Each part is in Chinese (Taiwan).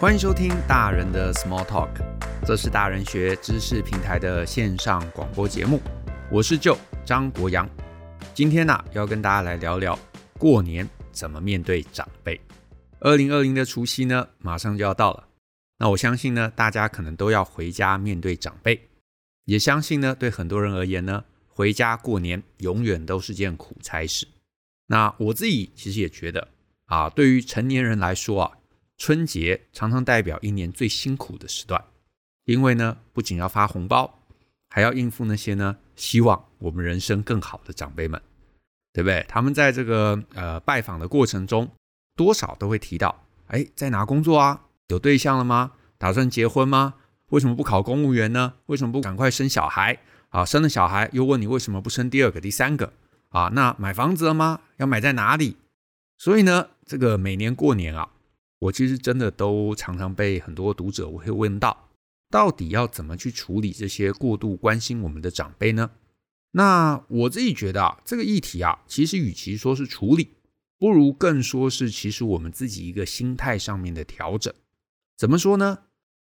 歡迎收聽《大人的 Small Talk》，這是大人學知識平台的線上廣播節目。我是 Joe 張國陽，今天吶、啊、要跟大家來聊聊過年怎麼面對長輩。二零二零的除夕呢，馬上就要到了，那我相信呢，大家可能都要回家面對長輩，也相信呢，對很多人而言呢，回家過年永遠都是件苦差事。那我自己其實也覺得啊，對於成年人來說啊。春節常常代表一年最辛苦的時段，因為呢，不僅要發紅包，還要應付那些呢，希望我們人生更好的長輩們，對不對？他們在這個呃，拜訪的過程中，多少都會提到，哎，在哪工作啊？有對象了嗎？打算結婚嗎？為什麼不考公務員呢？為什麼不趕快生小孩啊？生了小孩又問你為什麼不生第二個、第三個啊？那買房子了嗎？要買在哪裡？所以呢，這個每年過年啊，我其實真的都常常被很多讀者會問到，到底要怎麼去處理這些過度關心我們的長輩呢？那我自己覺得啊，這個議題啊，其實與其說是處理，不如更說是其實我們自己一個心態上面的調整。怎麼說呢？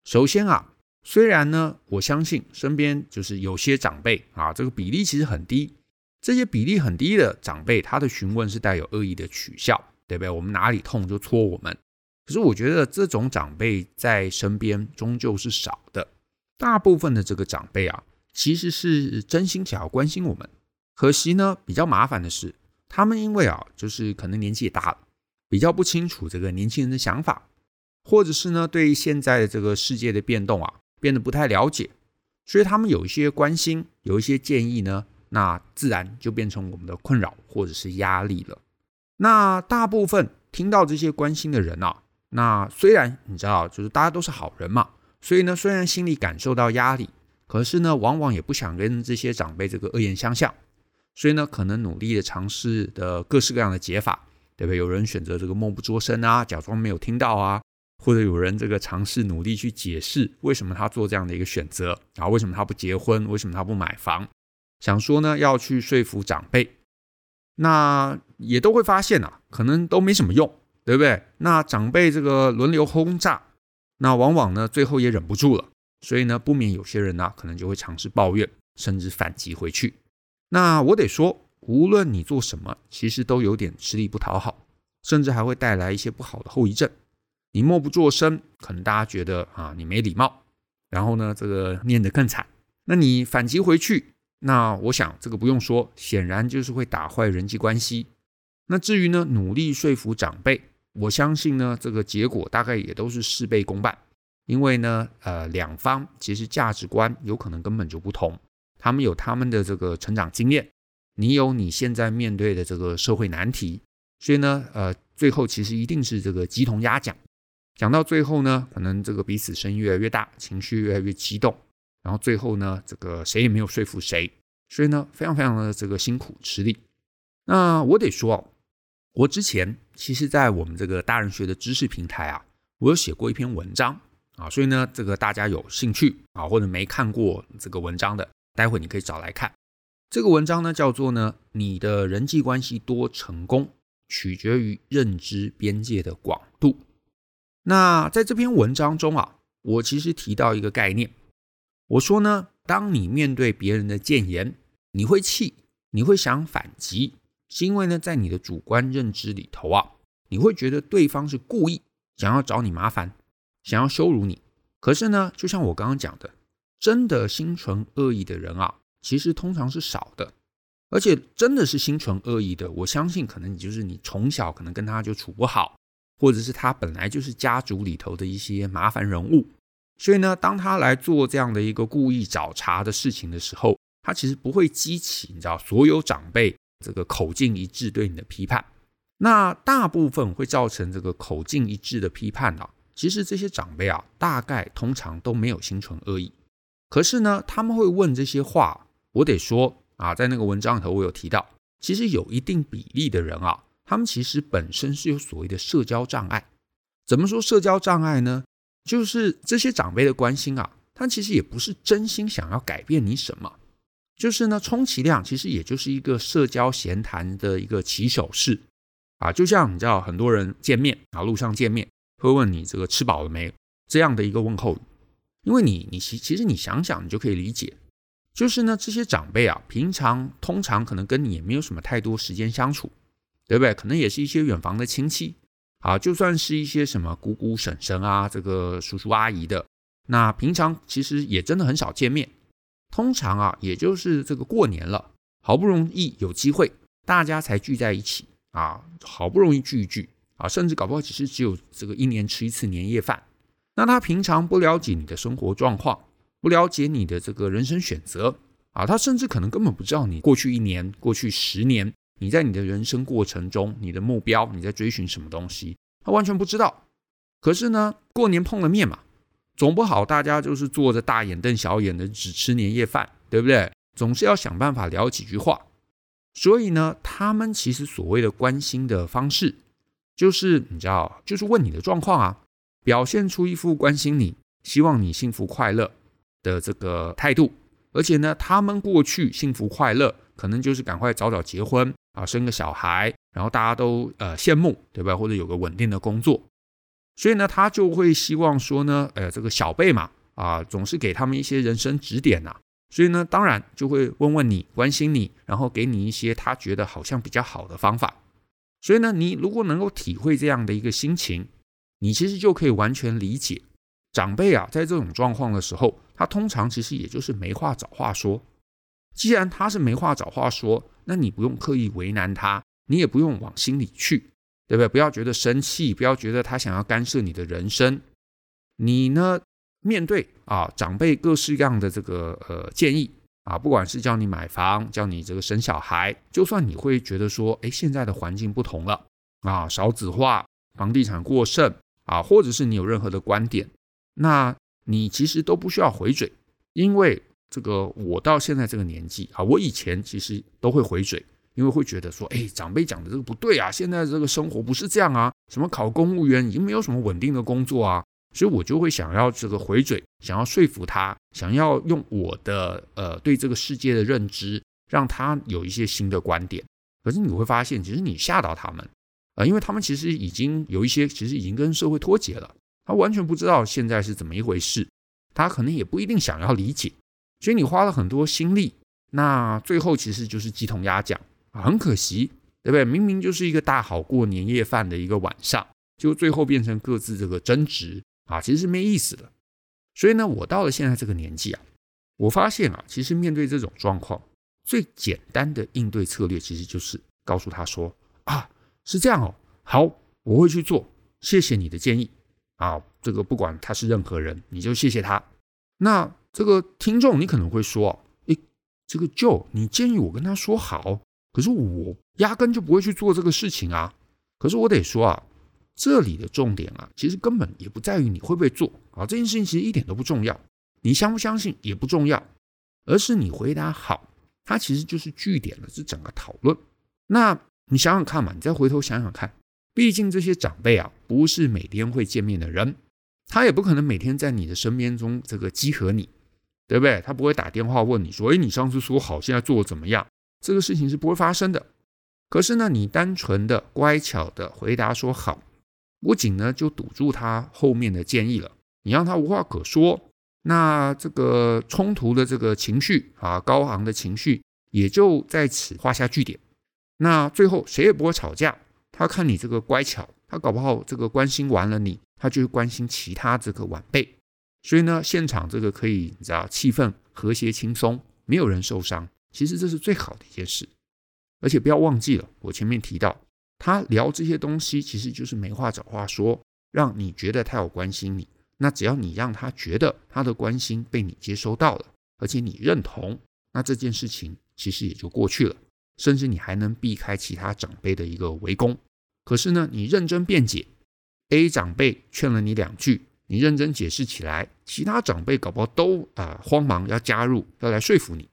首先啊，雖然呢，我相信身邊就是有些長輩啊，這個比例其實很低，這些比例很低的長輩，他的詢問是帶有惡意的取笑，對不對？我們哪裡痛就戳我們。可是我覺得這種長輩在身邊終究是少的，大部分的這個長輩啊，其實是真心想要關心我們。可惜呢，比較麻煩的是，他們因為啊，就是可能年紀也大了，比較不清楚這個年輕人的想法，或者是呢，對現在的這個世界的變動啊，變得不太了解，所以他們有一些關心，有一些建議呢，那自然就變成我們的困擾或者是壓力了。那大部分聽到這些關心的人啊。那雖然你知道，就是大家都是好人嘛，所以呢，雖然心裡感受到壓力，可是呢，往往也不想跟這些長輩這個惡言相向，所以呢，可能努力的嘗試的各式各樣的解法，對不對？有人選擇這個默不作聲啊，假裝沒有聽到啊，或者有人這個嘗試努力去解釋為什麼他做這樣的一個選擇，啊，為什麼他不結婚，為什麼他不買房，想說呢要去說服長輩，那也都會發現啊，可能都沒什麼用。對不對？那長輩這個輪流轟炸，那往往呢，最後也忍不住了，所以呢，不免有些人呢，啊，可能就會嘗試抱怨，甚至反擊回去。那我得說，無論你做什麼，其實都有點吃力不討好，甚至還會帶來一些不好的後遺症。你默不作聲，可能大家覺得啊，你沒禮貌；然後呢，這個念得更慘。那你反擊回去，那我想這個不用說，顯然就是會打壞人際關係。那至於呢，努力說服長輩。我相信呢，這個結果大概也都是事倍功半，因為呢，呃，兩方其實價值觀有可能根本就不同，他們有他們的這個成長經驗，你有你現在面對的這個社會難題，所以呢，呃，最後其實一定是這個雞同鴨講，講到最後呢，可能這個彼此聲越來越大，情緒越來越激動，然後最後呢，這個誰也沒有說服誰，所以呢，非常非常的這個辛苦吃力。那我得說我之前其實，在我們這個大人學的知識平台啊，我有寫過一篇文章啊，所以呢，這個大家有興趣啊，或者沒看過這個文章的，待會你可以找來看。這個文章呢，叫做呢，你的人際關係多成功，取決於認知邊界的廣度。那在這篇文章中啊，我其實提到一個概念，我說呢，當你面對別人的建言，你會氣，你會想反擊。是因為呢，在你的主觀認知裡頭啊，你會覺得對方是故意想要找你麻煩，想要羞辱你。可是呢，就像我剛剛講的，真的心存惡意的人啊，其實通常是少的。而且真的是心存惡意的，我相信可能你就是你從小可能跟他就處不好，或者是他本來就是家族裡頭的一些麻煩人物。所以呢，當他來做這樣的一個故意找茬的事情的時候，他其實不會激起，你知道，所有長輩。這個口徑一致對你的批判，那大部分會造成這個口徑一致的批判啊，其實這些長輩啊，大概通常都沒有心存惡意，可是呢，他們會問這些話。我得說啊，在那個文章裡頭，我有提到，其實有一定比例的人啊，他們其實本身是有所謂的社交障礙。怎麼說社交障礙呢？就是這些長輩的關心啊，他其實也不是真心想要改變你什麼。就是呢，充其量其實也就是一個社交閒談的一個起手式啊，就像你知道很多人見面啊，路上見面，會問你這個吃飽了沒這樣的一個問候語，因為你你其其實你想想你就可以理解，就是呢，這些長輩啊，平常通常可能跟你也沒有什麼太多時間相處，對不對？可能也是一些遠房的親戚啊，就算是一些什麼姑姑、嬸嬸啊，這個叔叔、阿姨的，那平常其實也真的很少見面。通常啊，也就是這個過年了，好不容易有機會，大家才聚在一起啊，好不容易聚一聚啊，甚至搞不好只是只有這個一年吃一次年夜飯。那他平常不了解你的生活狀況，不了解你的這個人生選擇啊，他甚至可能根本不知道你過去一年、過去十年，你在你的人生過程中，你的目標，你在追尋什麼東西，他完全不知道。可是呢，過年碰了面嘛。總不好，大家就是坐着大眼瞪小眼的，只吃年夜飯，對不對？總是要想辦法聊幾句話。所以呢，他們其實所謂的關心的方式，就是你知道，就是問你的狀況啊，表現出一副關心你、希望你幸福快樂的這個態度。而且呢，他們過去幸福快樂，可能就是趕快早早結婚啊，生個小孩，然後大家都呃羨慕，對吧？或者有個穩定的工作。所以呢，他就會希望說呢，呃，這個小輩嘛，啊、呃，總是給他們一些人生指點吶、啊。所以呢，當然就會問問你，關心你，然後給你一些他覺得好像比較好的方法。所以呢，你如果能夠體會這樣的一個心情，你其實就可以完全理解長輩啊，在這種狀況的時候，他通常其實也就是沒話找話說。既然他是沒話找話說，那你不用刻意為難他，你也不用往心裡去。對不對？不要覺得生氣，不要覺得他想要干涉你的人生。你呢，面對啊長輩各式各樣的這個呃建議啊，不管是叫你買房，叫你這個生小孩，就算你會覺得說，哎，現在的環境不同了啊，少子化，房地產過剩啊，或者是你有任何的觀點，那你其實都不需要回嘴，因為這個我到現在這個年紀啊，我以前其實都會回嘴。因為會覺得說，哎，長輩講的這個不對啊，現在這個生活不是這樣啊，什麼考公務員已經沒有什麼穩定的工作啊，所以我就會想要這個回嘴，想要說服他，想要用我的呃對這個世界的認知，讓他有一些新的觀點。可是你會發現，其實你嚇到他們，啊、呃，因為他們其實已經有一些，其實已經跟社會脫節了，他完全不知道現在是怎麼一回事，他可能也不一定想要理解。所以你花了很多心力，那最後其實就是雞同鴨講。很可惜，對不對？明明就是一個大好過年夜飯的一個晚上，就最後變成各自這個爭執啊，其實是沒意思的。所以呢，我到了現在這個年紀啊，我發現啊，其實面對這種狀況，最簡單的應對策略其實就是告訴他說啊，是這樣哦，好，我會去做，謝謝你的建議啊。這個不管他是任何人，你就謝謝他。那這個聽眾你可能會說，誒，這個 Joe，你建議我跟他說好。可是我壓根就不會去做這個事情啊！可是我得說啊，這裡的重點啊，其實根本也不在於你會不會做啊，這件事情其實一點都不重要，你相不相信也不重要，而是你回答好，它其實就是句點了這整個討論。那你想想看嘛，你再回頭想想看，畢竟這些長輩啊，不是每天會見面的人，他也不可能每天在你的身邊中這個集合你，對不對？他不會打電話問你說，哎，你上次說好，現在做的怎麼樣？這個事情是不會發生的。可是呢，你單純的乖巧的回答說好，不僅呢就堵住他後面的建議了，你讓他無話可說。那這個衝突的這個情緒啊，高昂的情緒也就在此畫下句點。那最後誰也不會吵架。他看你這個乖巧，他搞不好這個關心完了你，他就會關心其他這個晚輩。所以呢，現場這個可以你知道，氣氛和諧輕鬆，沒有人受傷。其實這是最好的一件事，而且不要忘記了，我前面提到他聊這些東西，其實就是沒話找話說，讓你覺得他有關心你。那只要你讓他覺得他的關心被你接收到了，而且你認同，那這件事情其實也就過去了，甚至你還能避開其他長輩的一個圍攻。可是呢，你認真辯解，A 長輩勸了你兩句，你認真解釋起來，其他長輩搞不好都啊慌忙要加入，要來說服你。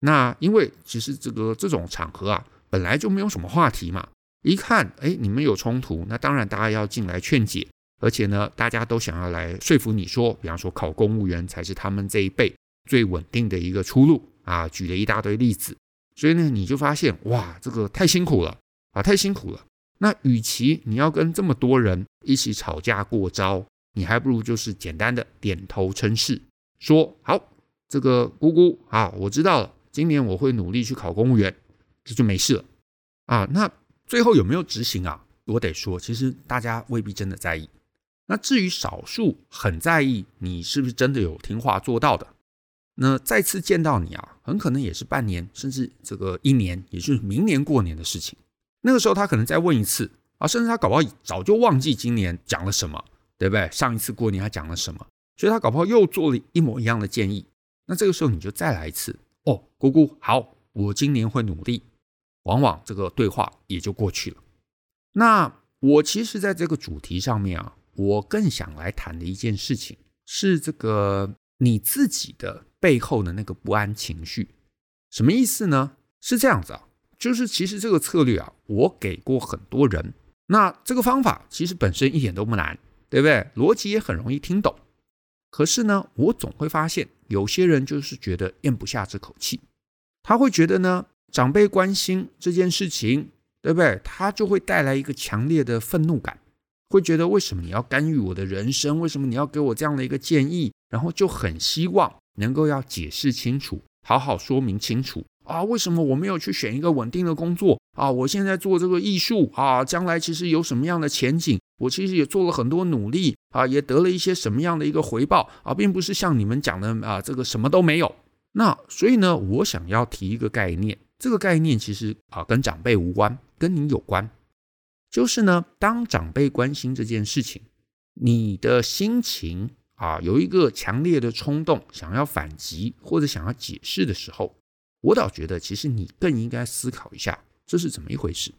那因為其實這個這種場合啊，本來就沒有什麼話題嘛。一看，哎，你們有衝突，那當然大家要進來勸解。而且呢，大家都想要來說服你，說，比方說考公務員才是他們這一輩最穩定的一個出路啊，舉了一大堆例子。所以呢，你就發現，哇，這個太辛苦了啊，太辛苦了。那與其你要跟這麼多人一起吵架過招，你還不如就是簡單的點頭稱是，說好，這個姑姑啊，我知道了。今年我會努力去考公務員，這就沒事了啊。那最後有沒有執行啊？我得說，其實大家未必真的在意。那至於少數很在意你是不是真的有聽話做到的，那再次見到你啊，很可能也是半年甚至這個一年，也就是明年過年的事情。那個時候他可能再問一次啊，甚至他搞不好早就忘記今年講了什麼，對不對？上一次過年他講了什麼，所以他搞不好又做了一模一樣的建議。那這個時候你就再來一次。哦，姑姑好，我今年會努力。往往這個對話也就過去了。那我其實在這個主題上面啊，我更想來談的一件事情是這個你自己的背後的那個不安情緒。什麼意思呢？是這樣子啊，就是其實這個策略啊，我給過很多人。那這個方法其實本身一點都不難，對不對？邏輯也很容易聽懂。可是呢，我總會發現有些人就是覺得嚥不下這口氣，他會覺得呢，長輩關心這件事情，對不對？他就會帶來一個強烈的憤怒感，會覺得，為什麼你要干預我的人生？為什麼你要給我這樣的一個建議？然後就很希望能夠要解釋清楚，好好說明清楚。啊，為什麼我沒有去選一個穩定的工作啊？我現在做這個藝術啊，將來其實有什麼樣的前景？我其實也做了很多努力啊，也得了一些什麼樣的一個回報啊，並不是像你們講的啊，這個什麼都沒有。那所以呢，我想要提一個概念，這個概念其實啊跟長輩無關，跟你有關。就是呢，當長輩關心這件事情，你的心情啊有一個強烈的衝動，想要反擊或者想要解釋的時候，我倒覺得，其實你更應該思考一下，這是怎麼一回事？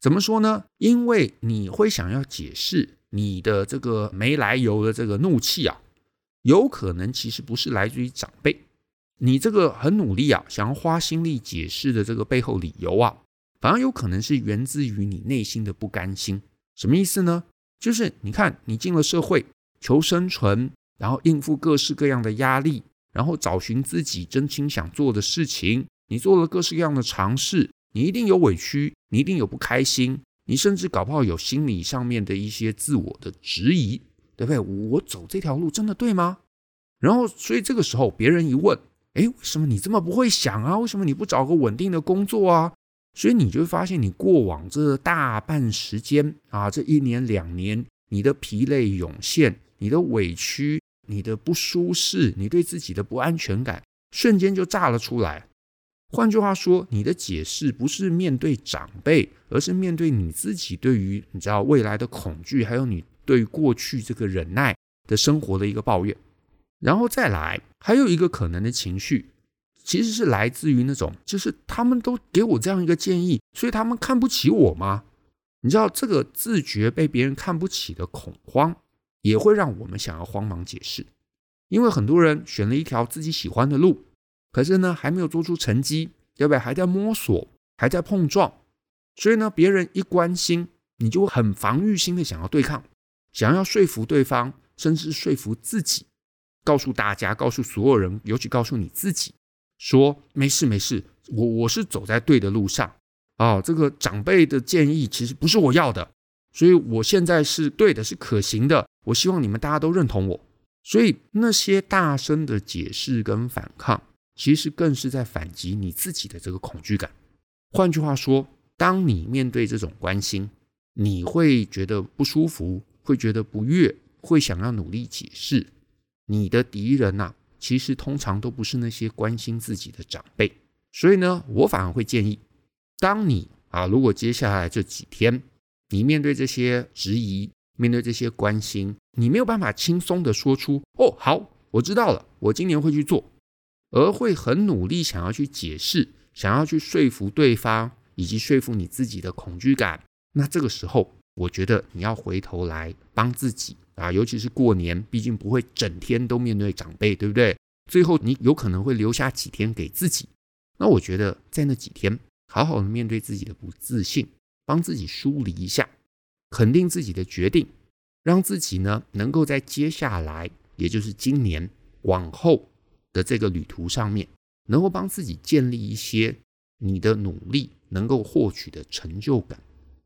怎麼說呢？因為你會想要解釋你的這個沒來由的這個怒氣啊，有可能其實不是來自於長輩，你這個很努力啊，想要花心力解釋的這個背後理由啊，反而有可能是源自於你內心的不甘心。什麼意思呢？就是你看，你進了社會，求生存，然後應付各式各樣的壓力。然後找尋自己真心想做的事情，你做了各式各樣的嘗試，你一定有委屈，你一定有不開心，你甚至搞不好有心理上面的一些自我的質疑，對不對？我，我走這條路真的對嗎？然後，所以這個時候別人一問，哎，為什麼你這麼不會想啊？為什麼你不找個穩定的工作啊？所以你就會發現，你過往這大半時間啊，這一年兩年，你的疲累湧現，你的委屈。你的不舒適，你對自己的不安全感，瞬間就炸了出來。換句話說，你的解釋不是面對長輩，而是面對你自己。對於你知道未來的恐懼，還有你對過去這個忍耐的生活的一個抱怨。然後再來，還有一個可能的情緒，其實是來自於那種，就是他們都給我這樣一個建議，所以他們看不起我嗎？你知道這個自覺被別人看不起的恐慌。也會讓我們想要慌忙解釋，因為很多人選了一條自己喜歡的路，可是呢還沒有做出成績，對不對？還在摸索，還在碰撞，所以呢別人一關心，你就很防禦心的想要對抗，想要說服對方，甚至說服自己，告訴大家，告訴所有人，尤其告訴你自己，說沒事沒事，我我是走在對的路上啊、哦，這個長輩的建議其實不是我要的，所以我現在是對的，是可行的。我希望你們大家都認同我，所以那些大聲的解釋跟反抗，其實更是在反擊你自己的這個恐懼感。換句話說，當你面對這種關心，你會覺得不舒服，會覺得不悅，會想要努力解釋。你的敵人吶、啊，其實通常都不是那些關心自己的長輩，所以呢，我反而會建議，當你啊，如果接下來這幾天你面對這些質疑，面對這些關心，你沒有辦法輕鬆的說出“哦，好，我知道了，我今年會去做”，而會很努力想要去解釋，想要去說服對方，以及說服你自己的恐懼感。那這個時候，我覺得你要回頭來幫自己啊，尤其是過年，畢竟不會整天都面對長輩，對不對？最後你有可能會留下幾天給自己。那我覺得在那幾天，好好的面對自己的不自信，幫自己梳理一下。肯定自己的決定，讓自己呢能夠在接下來，也就是今年往後的這個旅途上面，能夠幫自己建立一些你的努力能夠獲取的成就感。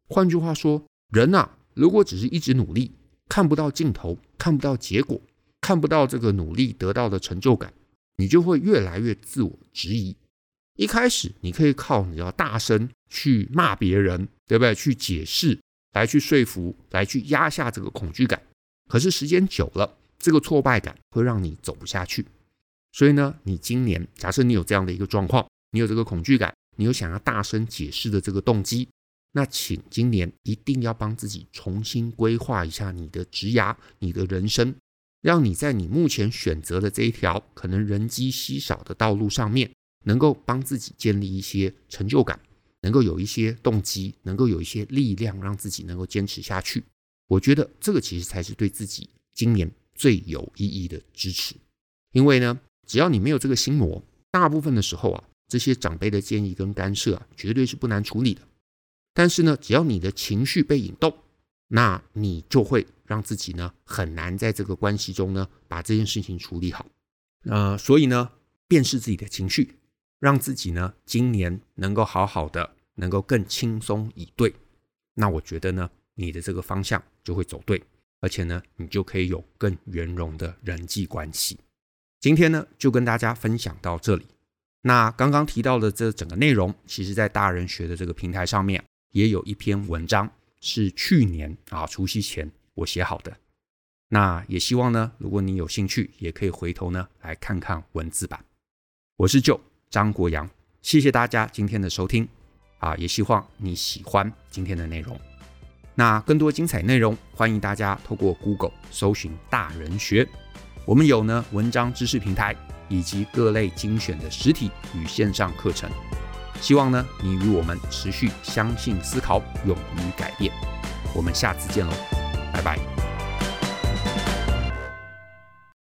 換句話說，人啊，如果只是一直努力，看不到盡頭，看不到結果，看不到這個努力得到的成就感，你就會越來越自我質疑。一開始你可以靠你要大聲去罵別人，對不對？去解釋。來去說服，來去壓下這個恐懼感。可是時間久了，這個挫敗感會讓你走不下去。所以呢，你今年假設你有這樣的一個狀況，你有這個恐懼感，你有想要大聲解釋的這個動機，那請今年一定要幫自己重新規劃一下你的職涯，你的人生，讓你在你目前選擇的這一條可能人跡稀少的道路上面，能夠幫自己建立一些成就感。能夠有一些動機，能夠有一些力量，讓自己能夠堅持下去。我覺得這個其實才是對自己今年最有意義的支持。因為呢，只要你沒有這個心魔，大部分的時候啊，這些長輩的建議跟干涉啊，絕對是不難處理的。但是呢，只要你的情緒被引動，那你就會讓自己呢很難在這個關係中呢把這件事情處理好。那、呃、所以呢，辨識自己的情緒。讓自己呢，今年能夠好好的，能夠更輕鬆以對。那我覺得呢，你的這個方向就會走對，而且呢，你就可以有更圓融的人際關係。今天呢，就跟大家分享到這裡。那剛剛提到的這整個內容，其實，在大人學的這個平台上面，也有一篇文章是去年啊除夕前我寫好的。那也希望呢，如果你有興趣，也可以回頭呢來看看文字版。我是 Joe，張國洋，謝謝大家今天的收聽啊，也希望你喜歡今天的內容。那更多精彩內容，歡迎大家透過 Google 搜尋“大人學”，我們有呢文章知識平台以及各類精選的實體與線上課程。希望呢你與我們持續相信、思考、勇於改變。我們下次見嘍，拜拜。